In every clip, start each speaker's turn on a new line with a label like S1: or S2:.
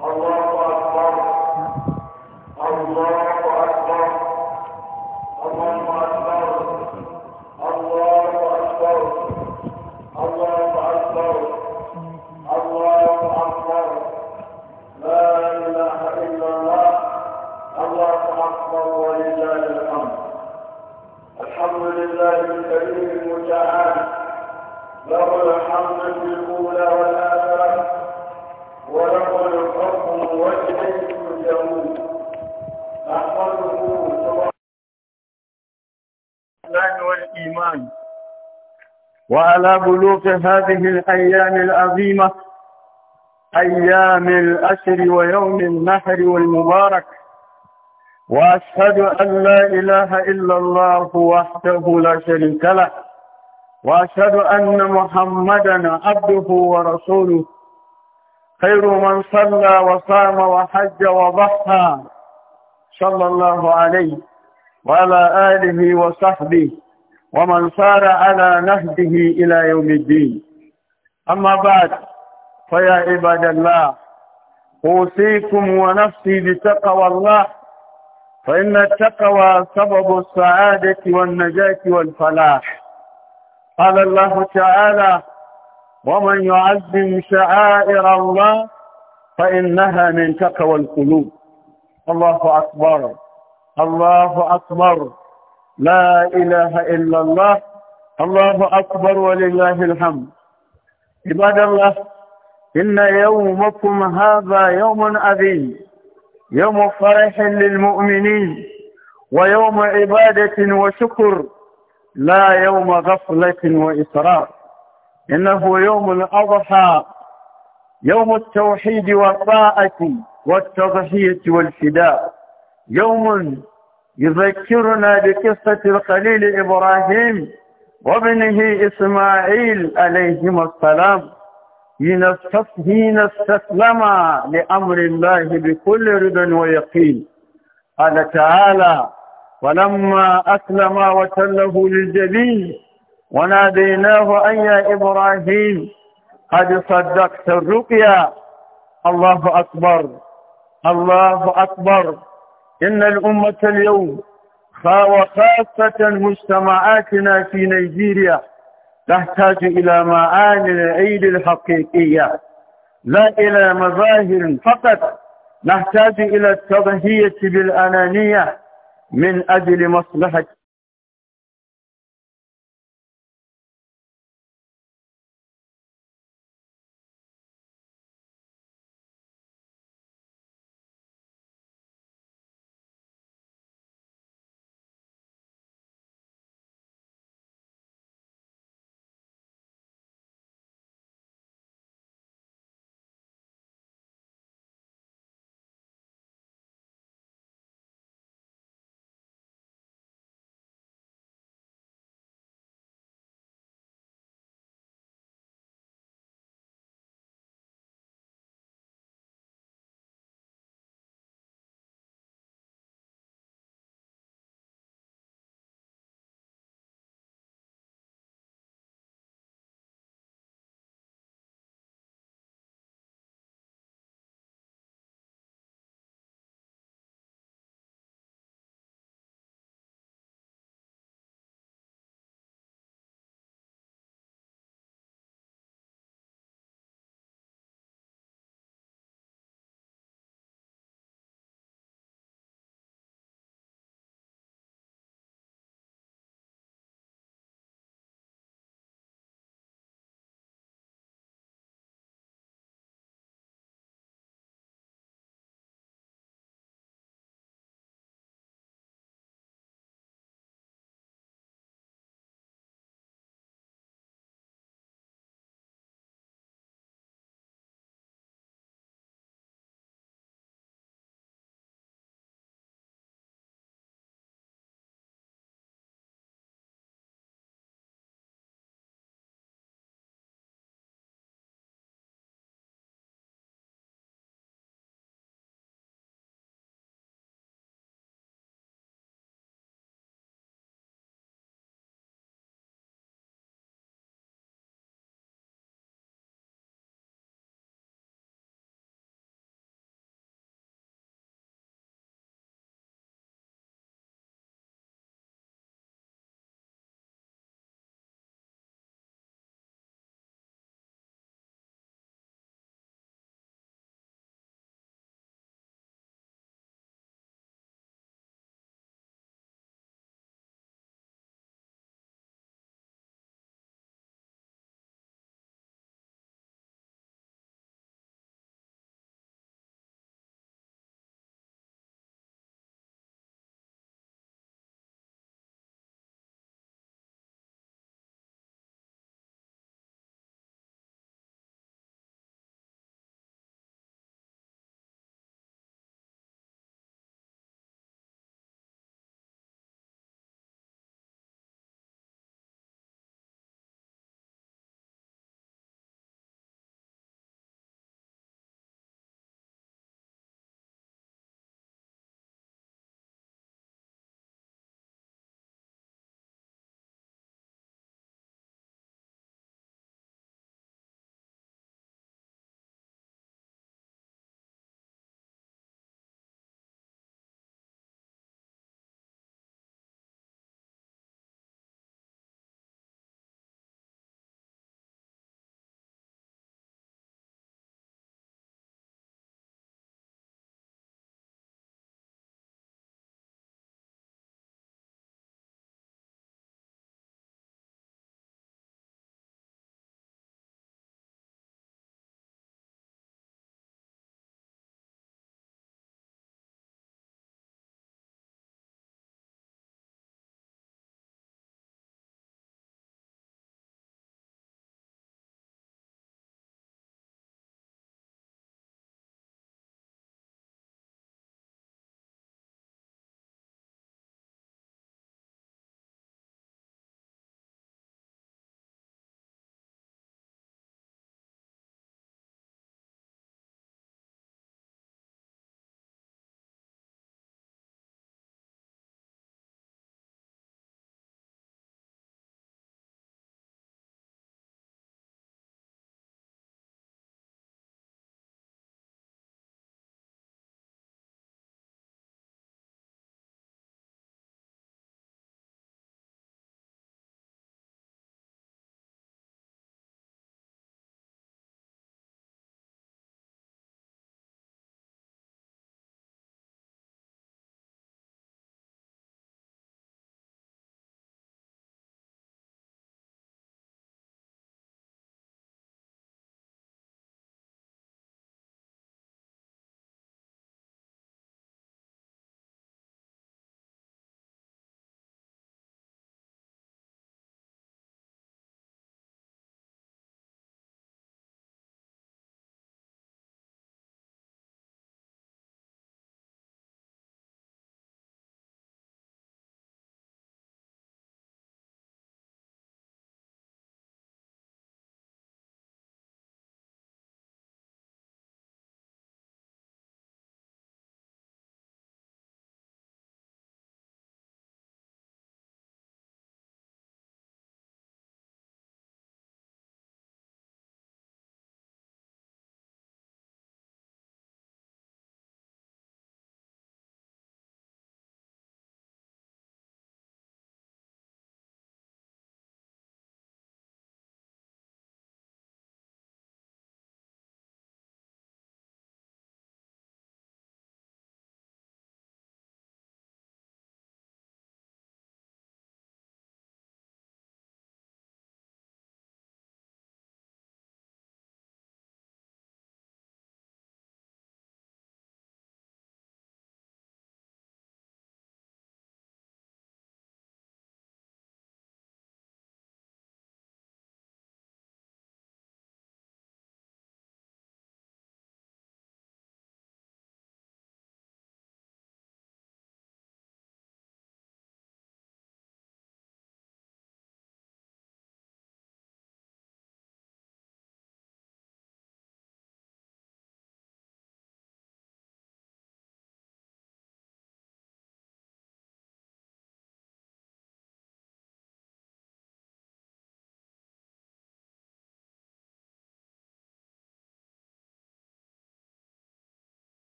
S1: الله
S2: على بلوغ هذه الأيام العظيمة أيام الأسر ويوم النحر والمبارك وأشهد أن لا إله إلا الله وحده لا شريك له وأشهد أن محمدا عبده ورسوله خير من صلى وصام وحج وضحى صلى الله عليه وعلى آله وصحبه ومن صار على نهجه إلى يوم الدين أما بعد فيا عباد الله أوصيكم ونفسي بتقوى الله فإن التقوى سبب السعادة والنجاة والفلاح قال الله تعالى ومن يعظم شعائر الله فإنها من تقوى القلوب الله أكبر الله أكبر لا إله إلا الله الله أكبر ولله الحمد عباد الله إن يومكم هذا يوم عظيم يوم فرح للمؤمنين ويوم عبادة وشكر لا يوم غفلة وإصرار إنه يوم الأضحى يوم التوحيد والطاعة والتضحية والفداء يوم يذكرنا بقصة الخليل إبراهيم وابنه إسماعيل عليهما السلام حين استسلم لأمر الله بكل رضا ويقين قال تعالى ولما أسلم وتله للجبين وناديناه أن يا إبراهيم قد صدقت الرقيا الله أكبر الله أكبر إن الأمة اليوم وخاصة مجتمعاتنا في نيجيريا تحتاج إلى معاني العيد الحقيقية لا إلى مظاهر فقط نحتاج إلى التضحية بالأنانية من أجل مصلحة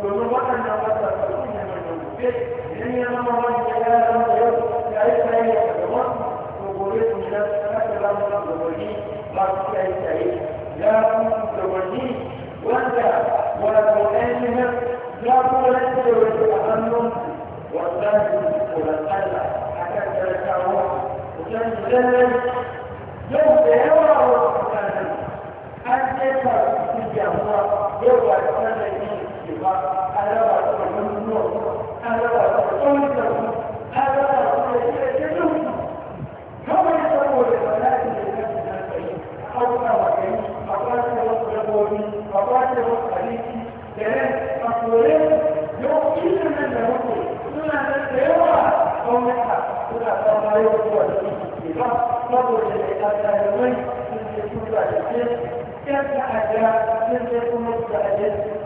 S1: domin waɗannan wasan sun yi mai domin ne ya zama مرسي أي لا تتوجيه وأنت ولا تؤلمك لا تؤلمك وتتأمن والثاني ولا تألم حتى تتكاوى وكان ذلك يوم يرى وكان أن يفعل في الجهوة يوم يتنى في الجهوة يفتح أجاب يفتح أجاب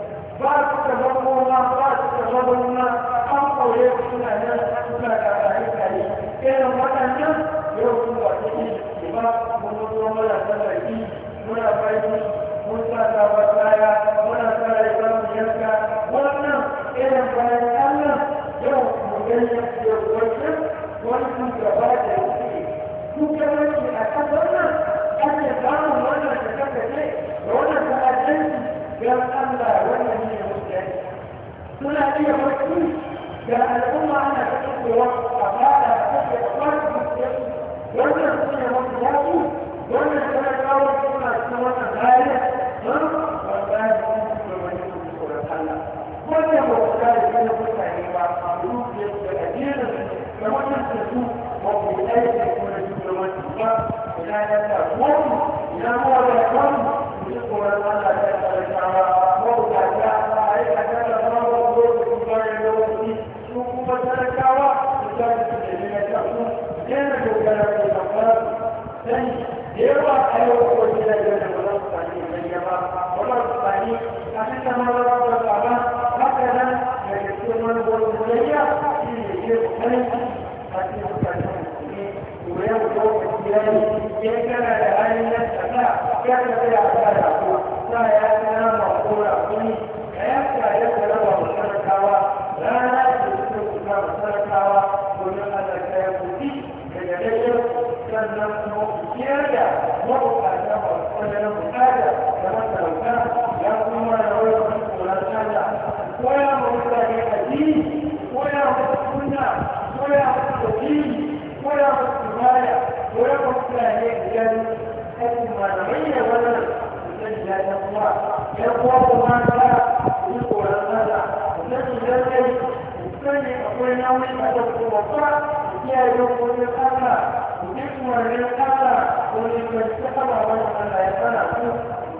S1: suna iya wasu da al'umma ana cikin wasu amma da kake kwanar da wannan suna wasu yaƙi wannan suna kawo suna cikin wata بالله إن كان لأن نفسك كان فيها خيرا لا يكون مغفورا والنوم المتوسطة لا يوم القمر جسم للقمر ومن السحر ومن لا يقنع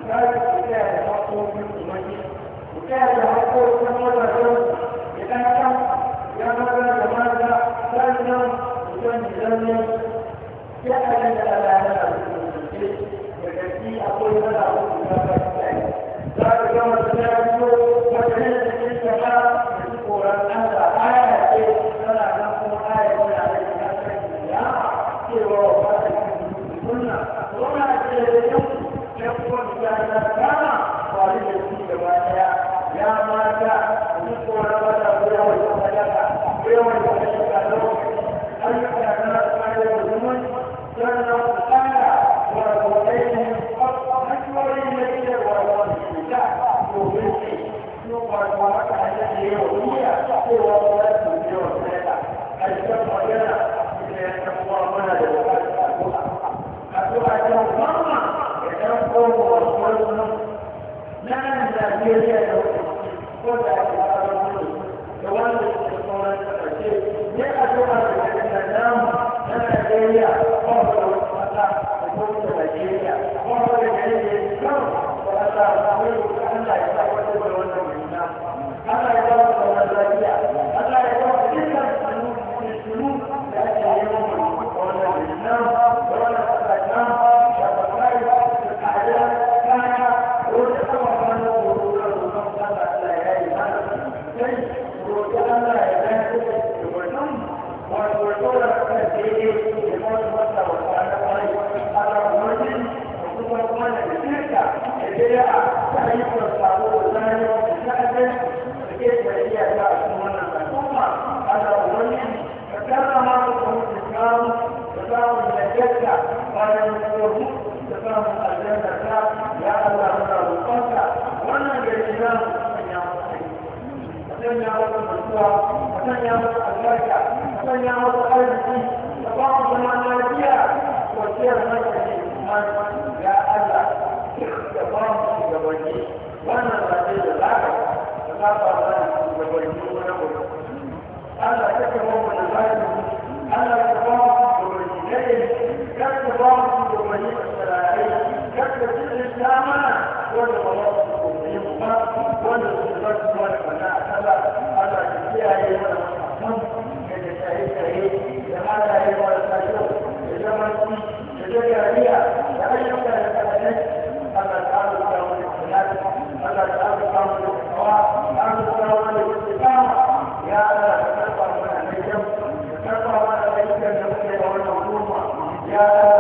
S1: ذلك كان مطلوب من وكان مطلوب من وجهه لأنه يمر لماذا فلم يكن لم يسأل الأمانة وكثير أقول لها Yeah.